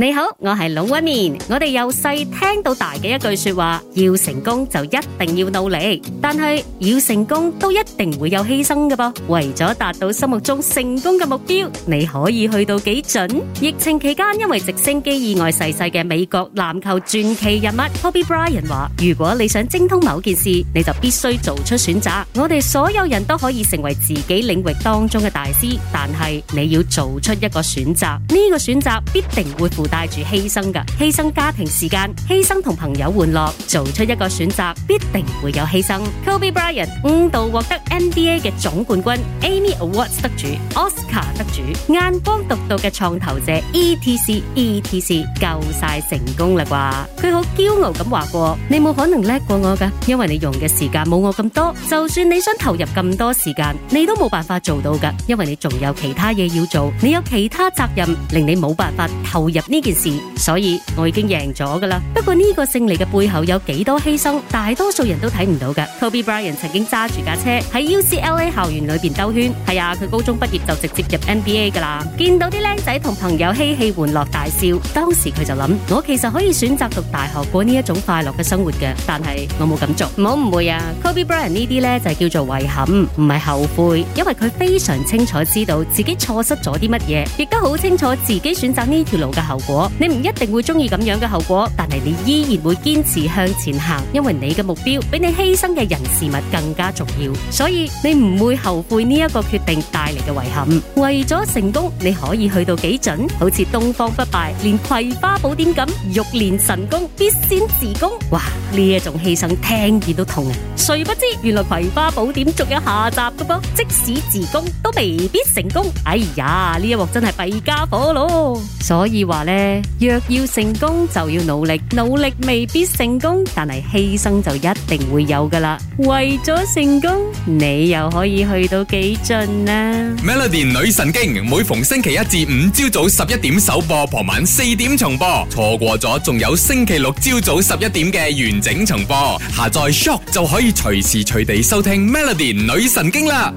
你好，我係龍紋敏。我哋由細聽到大嘅一句說話，要成功就一定要努力，但係要成功都一定會有犧牲嘅噃。為咗達到心目中成功嘅目標，你可以去到幾准？疫情期間，因為直升機意外逝世嘅美國籃球傳奇人物 Kobe Bryant 話：如果你想精通某件事，你就必須做出選擇。我哋所有人都可以成為自己領域當中嘅大師，但係你要做出一個選擇，呢、這個選擇必定會負。帶住犧牲噶，犧牲家庭時間，犧牲同朋友玩樂，做出一個選擇，必定會有犧牲。Kobe Bryant 五度獲得 NBA 嘅總冠軍，Amy Awards 得主，Oscar 得主，眼光獨到嘅創投者，ETC，ETC、e、夠晒成功啦啩？佢好驕傲咁話過：「，你冇可能叻過我噶，因為你用嘅時間冇我咁多。就算你想投入咁多時間，你都冇辦法做到噶，因為你仲有其他嘢要做，你有其他責任令你冇辦法投入呢。件事，所以我已經贏咗噶啦。不過呢個勝利嘅背後有幾多犧牲，大多數人都睇唔到噶。Kobe Bryant 曾經揸住架車喺 UCLA 校園裏邊兜圈。係啊，佢高中畢業就直接入 NBA 噶啦。見到啲靚仔同朋友嬉戲玩樂大笑，當時佢就諗：我其實可以選擇讀大學過呢一種快樂嘅生活嘅，但係我冇咁做。唔好誤會啊，Kobe Bryant 呢啲呢就係叫做遺憾，唔係後悔，因為佢非常清楚知道自己錯失咗啲乜嘢，亦都好清楚自己選擇呢條路嘅後果。你唔一定會中意咁樣嘅後果，但係你依然會堅持向前行，因為你嘅目標比你犧牲嘅人事物更加重要，所以你唔會後悔呢一個決定帶嚟嘅遺憾。為咗成功，你可以去到幾盡，好似東方不敗，連《葵花寶典》咁欲練神功必先自宮。哇，呢一種犧牲聽見都痛啊！誰不知原來《葵花寶典》仲有下集噶噃？即使自宮都未必成功。哎呀，呢一鑊真係弊家伙咯！所以話咧。若要成功就要努力，努力未必成功，但係犧牲就一定會有噶啦。為咗成功，你又可以去到幾盡呢？Melody 女神經每逢星期一至五朝早十一點首播，傍晚四點重播，錯過咗仲有星期六朝早十一點嘅完整重播。下載 Shock 就可以隨時隨地收聽 Melody 女神經啦。